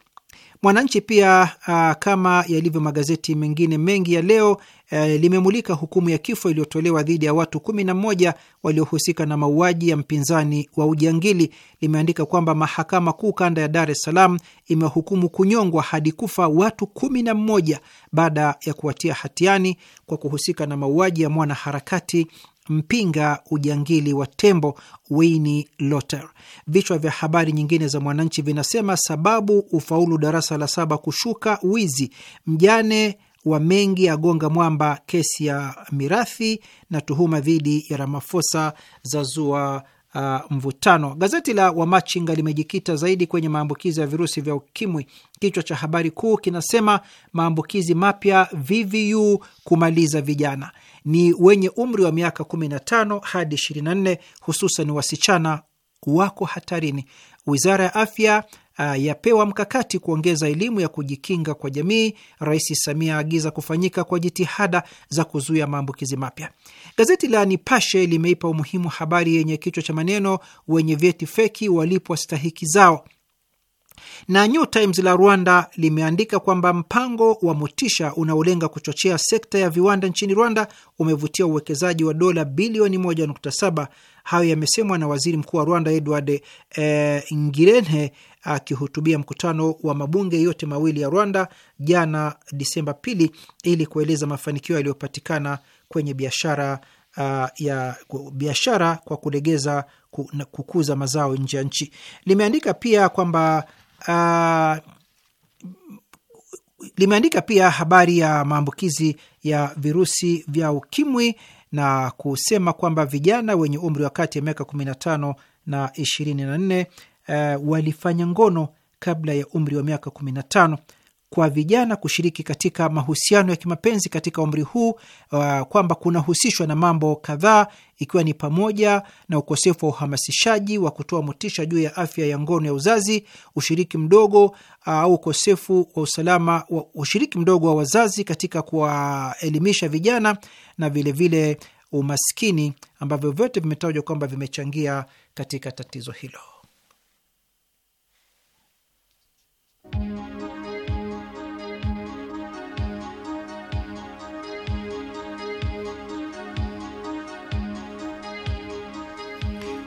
Mwananchi pia uh, kama yalivyo magazeti mengine mengi ya leo uh, limemulika hukumu ya kifo iliyotolewa dhidi ya watu kumi na moja waliohusika na mauaji ya mpinzani wa Ujangili. Limeandika kwamba mahakama kuu kanda ya Dar es Salaam imehukumu kunyongwa hadi kufa watu kumi na mmoja baada ya kuwatia hatiani kwa kuhusika na mauaji ya mwanaharakati mpinga ujangili wa tembo Winnie Lotter. Vichwa vya habari nyingine za Mwananchi vinasema sababu ufaulu darasa la saba kushuka, wizi, mjane wa mengi agonga mwamba, kesi ya mirathi na tuhuma dhidi ya ramafosa za zua Uh, mvutano. Gazeti la Wamachinga limejikita zaidi kwenye maambukizi ya virusi vya ukimwi. Kichwa cha habari kuu kinasema maambukizi mapya VVU kumaliza vijana ni wenye umri wa miaka 15 hadi 24, hususan wasichana wako hatarini. Wizara ya Afya uh, yapewa mkakati kuongeza elimu ya kujikinga kwa jamii. Rais Samia aagiza kufanyika kwa jitihada za kuzuia maambukizi mapya. Gazeti la Nipashe limeipa umuhimu habari yenye kichwa cha maneno wenye vyeti feki walipwa stahiki zao. Na New Times la Rwanda limeandika kwamba mpango wa motisha unaolenga kuchochea sekta ya viwanda nchini Rwanda umevutia uwekezaji wa dola bilioni 1.7. Hayo yamesemwa na waziri mkuu wa Rwanda Edward eh, Ngirente akihutubia mkutano wa mabunge yote mawili ya Rwanda jana Disemba pili, ili kueleza mafanikio yaliyopatikana kwenye biashara Uh, ya biashara kwa kulegeza kukuza mazao nje ya nchi. Limeandika pia kwamba uh, limeandika pia habari ya maambukizi ya virusi vya ukimwi na kusema kwamba vijana wenye umri wa kati ya miaka 15 na 24 uh, walifanya ngono kabla ya umri wa miaka kwa vijana kushiriki katika mahusiano ya kimapenzi katika umri huu uh, kwamba kunahusishwa na mambo kadhaa ikiwa ni pamoja na ukosefu wa uhamasishaji wa kutoa motisha juu ya afya ya ngono ya uzazi, ushiriki mdogo uh, au uh, ukosefu wa usalama wa ushiriki mdogo wa wazazi katika kuwaelimisha vijana na vilevile vile umaskini ambavyo vyote vimetajwa kwamba vimechangia katika tatizo hilo.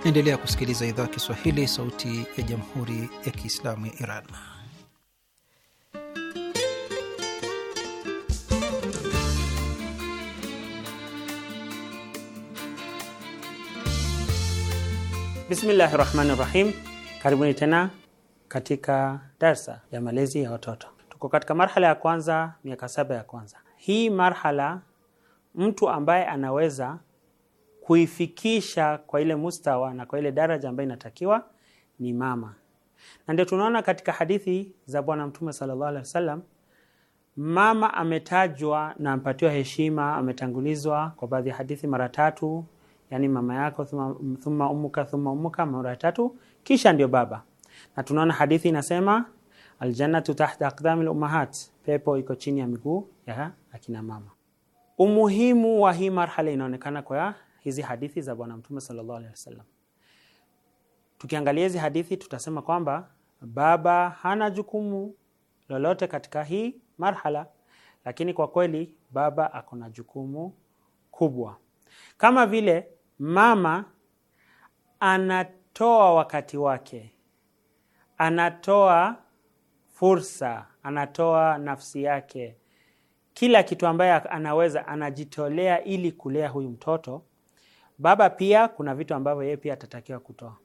Endelea kusikiliza idhaa Kiswahili, sauti ya jamhuri ya kiislamu ya Iran. Bismillahi rahmani rahim. Karibuni tena katika darsa ya malezi ya watoto. Tuko katika marhala ya kwanza, miaka saba ya kwanza. Hii marhala mtu ambaye anaweza kuifikisha kwa ile mustawa na kwa ile daraja ambayo inatakiwa ni mama. Na ndio tunaona katika hadithi za Bwana Mtume sallallahu alaihi wasallam, mama ametajwa na ampatiwa heshima, ametangulizwa kwa baadhi ya hadithi mara tatu, yani mama yako thuma, thuma umuka, thuma umuka, mara tatu, kisha ndio baba. Na tunaona hadithi inasema aljannatu tahta aqdamil ummahat, pepo iko chini ya miguu ya akina mama. Umuhimu wa hii marhala inaonekana kwa hizi hadithi za Bwana Mtume sallallahu alaihi wasallam. Tukiangalia hizi hadithi tutasema kwamba baba hana jukumu lolote katika hii marhala, lakini kwa kweli baba ako na jukumu kubwa, kama vile mama anatoa wakati wake, anatoa fursa, anatoa nafsi yake, kila kitu ambaye anaweza, anajitolea ili kulea huyu mtoto. Baba pia kuna vitu ambavyo yeye pia atatakiwa kutoa.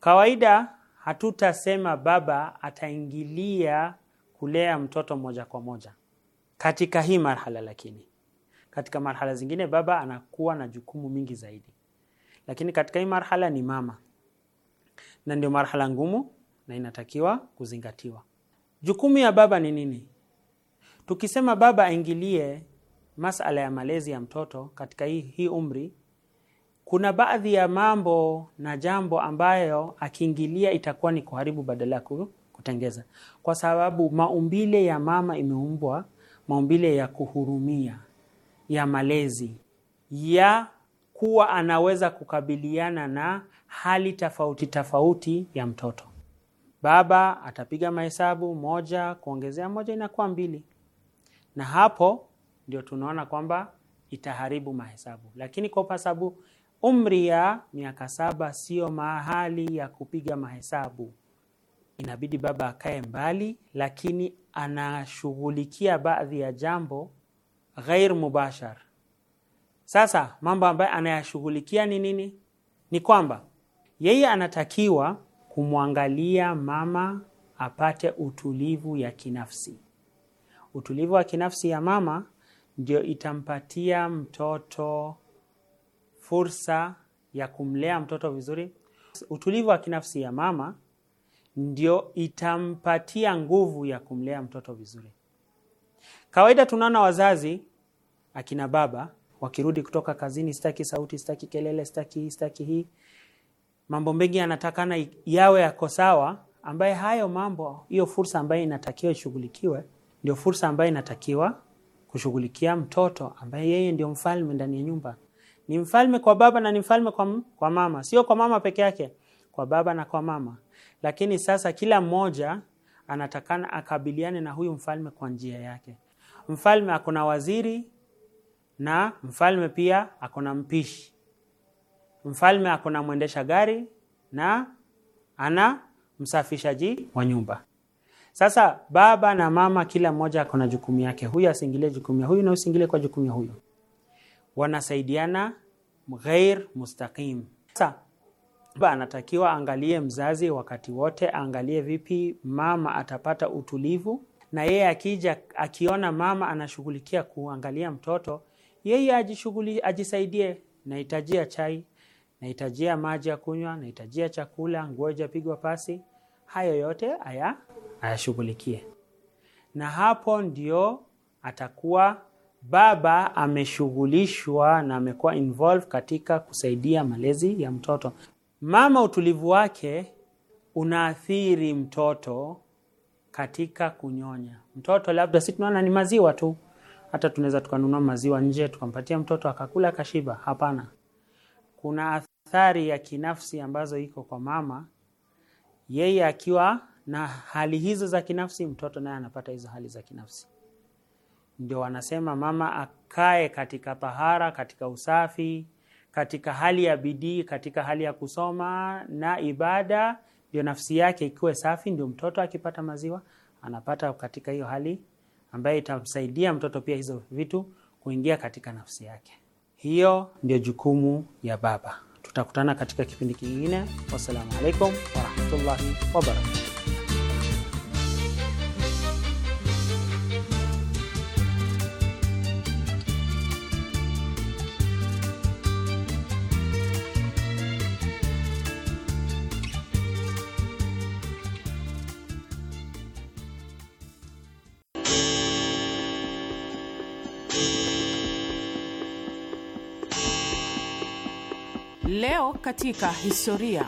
Kawaida hatutasema baba ataingilia kulea mtoto moja kwa moja katika hii marhala, lakini katika marhala zingine baba anakuwa na jukumu mingi zaidi, lakini katika hii marhala ni mama, na ndio marhala ngumu na inatakiwa kuzingatiwa. Jukumu ya baba ni nini? Tukisema baba aingilie masala ya malezi ya mtoto katika hii, hii umri kuna baadhi ya mambo na jambo ambayo akiingilia itakuwa ni kuharibu badala ya kutengeza, kwa sababu maumbile ya mama imeumbwa maumbile ya kuhurumia, ya malezi, ya kuwa anaweza kukabiliana na hali tofauti tofauti ya mtoto. Baba atapiga mahesabu, moja kuongezea moja inakuwa mbili, na hapo ndio tunaona kwamba itaharibu mahesabu, lakini kwa sababu Umri ya miaka saba siyo mahali ya kupiga mahesabu. Inabidi baba akae mbali, lakini anashughulikia baadhi ya jambo ghair mubashar. Sasa mambo ambayo anayashughulikia ni nini? Ni kwamba yeye anatakiwa kumwangalia mama apate utulivu ya kinafsi. Utulivu wa kinafsi ya mama ndio itampatia mtoto fursa ya kumlea mtoto vizuri. Utulivu wa kinafsi ya mama ndio itampatia nguvu ya kumlea mtoto vizuri. Kawaida tunaona wazazi akina baba wakirudi kutoka kazini, sitaki sauti, sitaki kelele, sitaki hii, sitaki hii. Mambo mengi yanatakana yawe yako sawa, ambaye hayo mambo, hiyo fursa ambayo inatakiwa ishughulikiwe ndio fursa ambayo inatakiwa kushughulikia mtoto ambaye yeye ndio mfalme ndani ya nyumba. Ni mfalme kwa baba na ni mfalme kwa, kwa mama, sio kwa mama peke yake, kwa baba na kwa mama. Lakini sasa kila mmoja anatakana akabiliane na huyu mfalme kwa njia yake. Mfalme akona waziri na mfalme pia akona mpishi. Mfalme akona mwendesha gari na ana msafishaji wa nyumba. Sasa baba na mama, kila mmoja akona jukumu yake. Huyu asingilie jukumu ya huyu na usingilie kwa jukumu ya huyu wanasaidiana ghair mustaqim. Sasa anatakiwa angalie mzazi wakati wote, angalie vipi mama atapata utulivu, na yeye akija akiona mama anashughulikia kuangalia mtoto, yeye ajishughuli, ajisaidie, nahitajia chai, nahitajia maji ya kunywa, nahitajia chakula, nguo haijapigwa pasi, hayo yote aya ayashughulikie, na hapo ndio atakuwa baba ameshughulishwa na amekuwa involved katika kusaidia malezi ya mtoto. Mama utulivu wake unaathiri mtoto katika kunyonya. Mtoto labda si tunaona ni maziwa tu, hata tunaweza tukanunua maziwa nje tukampatia mtoto akakula akashiba. Hapana, kuna athari ya kinafsi ambazo iko kwa mama. Yeye akiwa na hali hizo za kinafsi, mtoto naye anapata hizo hali za kinafsi. Ndio wanasema mama akae katika tahara, katika usafi, katika hali ya bidii, katika hali ya kusoma na ibada, ndio nafsi yake ikiwe safi, ndio mtoto akipata maziwa anapata katika hiyo hali ambayo itamsaidia mtoto pia hizo vitu kuingia katika nafsi yake. Hiyo ndio jukumu ya baba. Tutakutana katika kipindi kingine. Wassalamu alaikum warahmatullahi wabarakatuh. katika historia.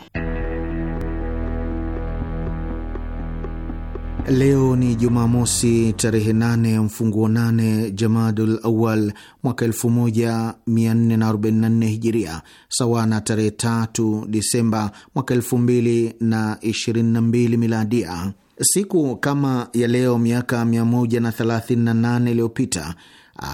Leo ni Jumamosi tarehe nane mfunguo nane Jamadul Awal mwaka 1444 Hijiria, sawa na tarehe tatu Disemba mwaka 2022 Miladia. Siku kama ya leo miaka 138 iliyopita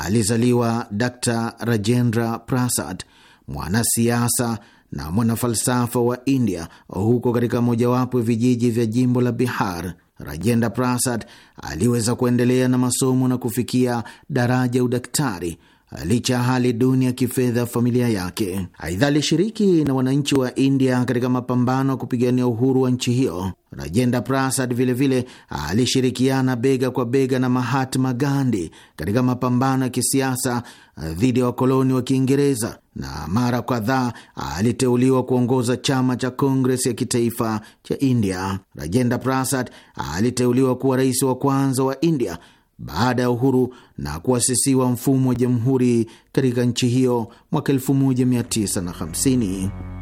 alizaliwa Dr Rajendra Prasad, mwanasiasa na mwanafalsafa wa India huko katika mojawapo ya vijiji vya jimbo la Bihar. Rajendra Prasad aliweza kuendelea na masomo na kufikia daraja udaktari licha ya hali duni ya kifedha familia yake. Aidha, alishiriki na wananchi wa India katika mapambano ya kupigania uhuru wa nchi hiyo. Rajendra Prasad vilevile alishirikiana bega kwa bega na Mahatma Gandhi katika mapambano ya kisiasa dhidi ya wakoloni wa Kiingereza na mara kadhaa aliteuliwa kuongoza chama cha Kongres ya kitaifa cha India. Rajendra Prasad aliteuliwa kuwa rais wa kwanza wa India baada ya uhuru na kuasisiwa mfumo wa jamhuri katika nchi hiyo mwaka 1950.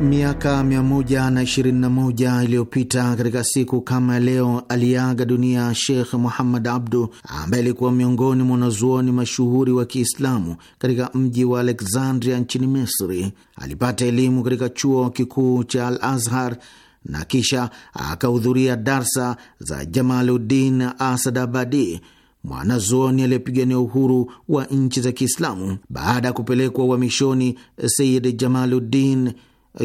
Miaka 121 iliyopita katika siku kama ya leo aliaga dunia Sheikh Muhammad Abdu ambaye alikuwa miongoni mwa wanazuoni mashuhuri wa Kiislamu katika mji wa Alexandria nchini Misri. Alipata elimu katika chuo kikuu cha Al Azhar na kisha akahudhuria darsa za Jamaluddin Asadabadi, mwanazuoni aliyepigania uhuru wa nchi za Kiislamu. Baada ya kupelekwa uhamishoni, Sayid Jamaluddin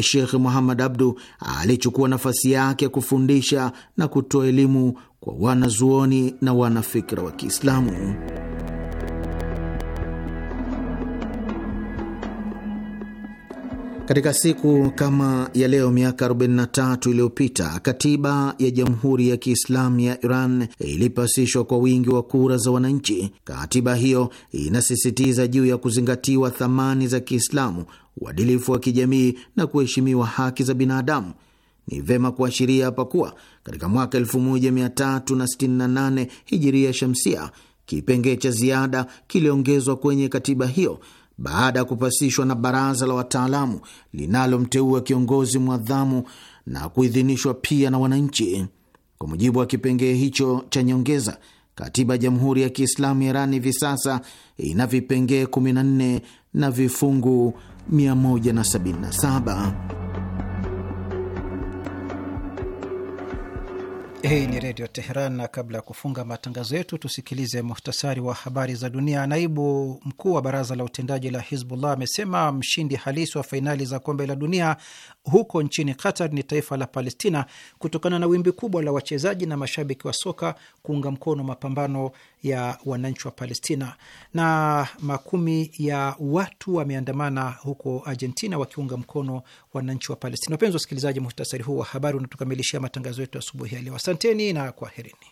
Shekh Muhammad Abdu alichukua nafasi yake ya kufundisha na kutoa elimu kwa wanazuoni na wanafikra wa Kiislamu. Katika siku kama ya leo miaka 43 iliyopita katiba ya Jamhuri ya Kiislamu ya Iran ilipasishwa kwa wingi wa kura za wananchi. Katiba hiyo inasisitiza juu ya kuzingatiwa thamani za Kiislamu, uadilifu wa kijamii na kuheshimiwa haki za binadamu. Ni vema kuashiria hapa kuwa katika mwaka 1368 hijiria shamsia kipengee cha ziada kiliongezwa kwenye katiba hiyo baada ya kupasishwa na baraza la wataalamu linalomteua kiongozi mwadhamu na kuidhinishwa pia na wananchi. Kwa mujibu wa kipengee hicho cha nyongeza, katiba ya Jamhuri ya Kiislamu ya Iran hivi sasa ina vipengee 14 na vifungu 177. Hii ni Redio Teheran, na kabla ya kufunga matangazo yetu tusikilize muhtasari wa habari za dunia. Naibu mkuu wa baraza la utendaji la Hizbullah amesema mshindi halisi wa fainali za kombe la dunia huko nchini Qatar ni taifa la Palestina kutokana na wimbi kubwa la wachezaji na mashabiki wa soka kuunga mkono mapambano ya wananchi wa Palestina. Na makumi ya watu wameandamana huko Argentina wakiunga mkono wananchi wa Palestina. Wapenzi wasikilizaji, muhtasari huu wa habari unatukamilishia matangazo yetu asubuhi ya leo. Asanteni na kwaherini.